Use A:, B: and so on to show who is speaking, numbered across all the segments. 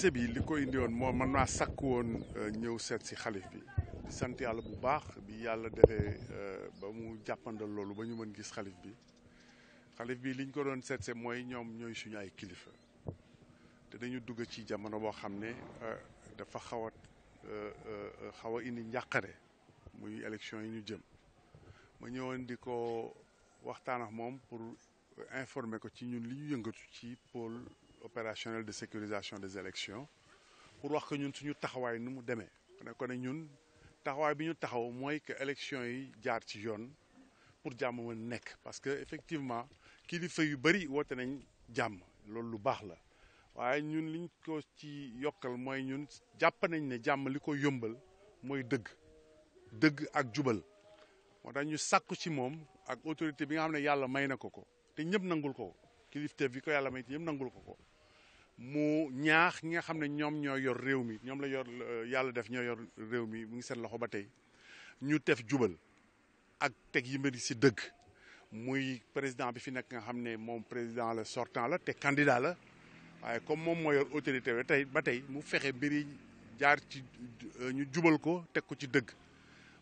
A: gisee bi li ko indi moo man naa sakku woon euh, ñëw seet si xalif bi sant yàlla bu baax bi yàlla defee euh, ba mu jàppandal loolu ba ñu mën gis xalif bi xalif bi liñ ko doon seetse mooy ñoom ñooy suñu ay kilifa te dañu dugg ci jamono boo xam ne euh, dafa xaw a xaw a indi njàqare muy élection yi ñu jëm ma ñëwoon di ko waxtaan ak moom pour informer ko ci ñun li ñu yëngatu ci pôle opérationnel de sécurisation des élections pour wax ko ñun suñu taxawaay nu mu demee ne ko ne ñun taxawaay bi ñu taxaw mooy que élection yi jaar ci yoon pour jàmm mën nekk parce que effectivement kilifa yu bëri woote nañ jàmm loolu lu baax la waaye ñun liñ ko ci yokkal mooy ñun jàpp nañ ne jàmm li ko yëmbal mooy dëgg dëgg ak jubal moo tax ñu sàkku ci moom ak autorité bi nga xam ne yàlla may na ko ko te ñëpp nangul ko ko kilifteef bi ko yàlla may te ñëpp ko ko mu ñaax ñi nga xam ne ñoom ñoo yor réew mi ñoom la yor euh, yàlla def ñoo yor réew mi mu ngi seen loxo ba tey ñu def jubal ak teg yi mbir si dëgg muy président bi fi nekk nga xam ne moom président la sortant la te candidat la waaye comme moom moo yor autorité ba tey ba tey mu fexe mbir jaar ci euh, ñu jubal ko teg ko ci dëgg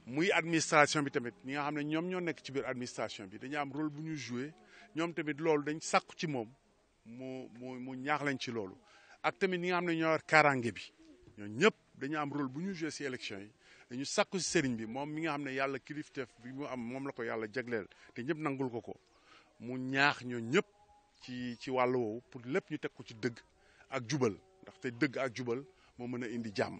A: muy administration bi tamit ñi nga xam ne ñoom ñoo nekk ci biir administration bi dañu am rôle bu ñu joué ñoom tamit loolu dañ sàkku ci moom mu mu mu ñaax lañ ci loolu ak tamit ñi nga xam ne ñoo war kaaraange bi ñoo ñëpp dañu am rôle bu ñu joué si élection yi dañu sàkku si sëriñ bi moom mi nga xam ne yàlla kilifteef bi mu am moom la ko yàlla jegleel te ñëpp nangul ko ko mu ñaax ñoo ñëpp ci ci wàll woowu pour lépp ñu teg ko ci dëgg ak jubal ndaxte dëgg ak jubal moo mën a indi jàmm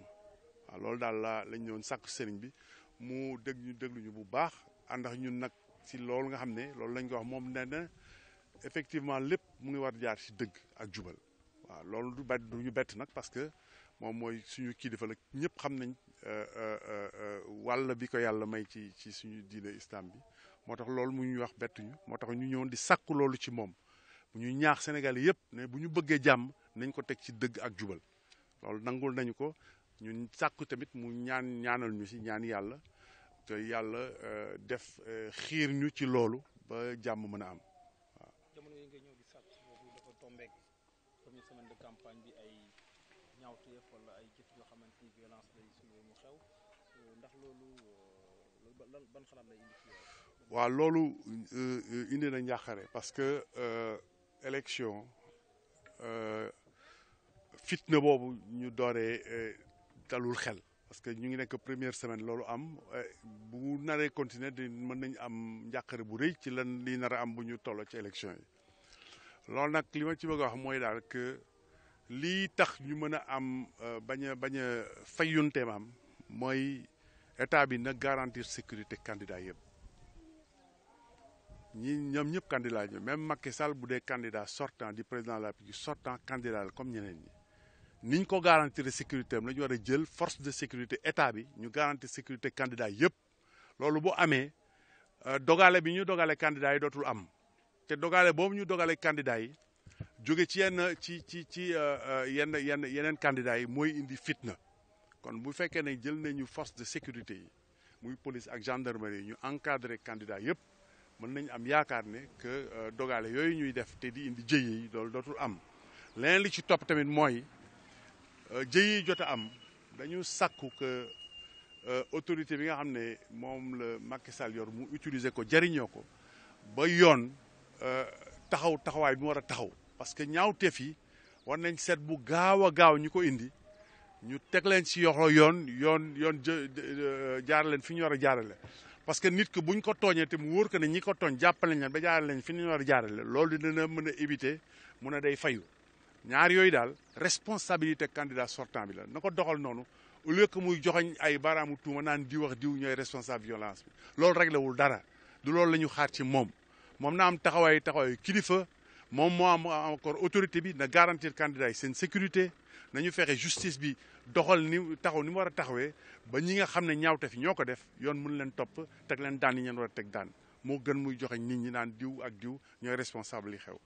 A: waaw loolu daal la lañ ñëwoon sàkku sëriñ bi mu dëgg ñu déglu ñu bu baax àndax ñun nag si loolu nga xam ne loolu lañ ko moom nee effectivement lépp mu ngi war jaar ci dëgg ak jubal waaw loolu du bett du ñu bett nag parce que moom mooy suñu kilifa la ñëpp xam nañ euh, euh, euh, wàll bi ko yàlla may ci ci suñu diine islam bi moo tax loolu mu ñuy wax bettuñu moo tax ñu ñëwoon di sàkku loolu ci moom bu ñu ñaax Sénégal yëpp ne bu ñu bëggee jàmm nañ ko teg ci dëgg ak jubal loolu nangul nañu ko ñu sàkku tamit mu ñaan ñaanal ñu si ñaan yàlla te yàlla def xiir ñu ci loolu ba jàmm mën a am tombeek campagne bi ay ñaawteef wala ay jëf yoo xamante ni violence lay euh, waaw loolu euh, indi na njàqare parce que euh, élection fitna boobu ñu dooree dalul xel. parce que ñu ngi nekk première semaine loolu am bu naree continuer di mën nañu am njàqare bu rëy ci lan li nar a am bu ñu tolloo ci élection yi. loolu nag li ci bëgg a wax mooy daal que lii tax ñu mën a am euh, bañ a bañ a fayyunte am mooy état bi nag garantir sécurité candidat yëpp ñi ñoom ñëpp candidat ñu même Macky Sall bu dee candidat sortant di président la République sortant candidat la comme ñeneen ñi niñ ko garantir sécurité am la ñu war a jël force de sécurité état bi ñu garantir sécurité candidat yëpp loolu bu amee euh, dogale bi ñu dogale candidat yi dootul am te dogale boobu ñu dogale candidat yi jóge ci yenn ci ci ci euh, euh, yenn yenn yeneen candidats yi mooy indi fitna kon bu fekkee ne jël nañu force de sécurité yi muy police ak gendarmerie ñu encadré candidat yëpp mën nañu am yaakaar ne que euh, dogale yooyu ñuy def te di indi jëye yi loolu dootul am leneen li ci topp tamit mooy jëye yi jot a am dañu sàkku que autorité bi nga xam ne moom la Macky Sall mu utiliser ko jëriñoo ko ba yoon Euh, taxaw taxawaay bi mu war a taxaw parce que ñaawteef yi war nañ seet bu gaaw a gaaw ñu ko indi ñu teg leen ci yoxo yoon yoon yoon euh, jaar leen fi ñu war a jaarale parce que nit ki buñ ko tooñee te mu wóor ko ne ñi ko tooñ jàppale leen ba jaarale fi ñu war a jaarale loolu dina mën a éviter day fayu ñaar yooyu daal responsabilité candidat sortant bi la na ko doxal noonu au lieu muy joxoñ ay baaraamu tuuma naan di wax diw ñooy responsable violence bi loolu réglé wul dara du loolu la ñu xaar ci moom moom na am taxawaayu taxawaayu kilifa moom moo am encore autorité bi na garantir candidat yi seen sécurité ñu fexe justice bi doxal ni taxaw ni mu a taxawee ba ñi nga xam ne ñaawte fi ñoo ko def yoon mun leen topp teg leen daan yi ñeen war teg daan moo gën muy joxe nit ñi naan diw ak diw ñooy responsable yi xew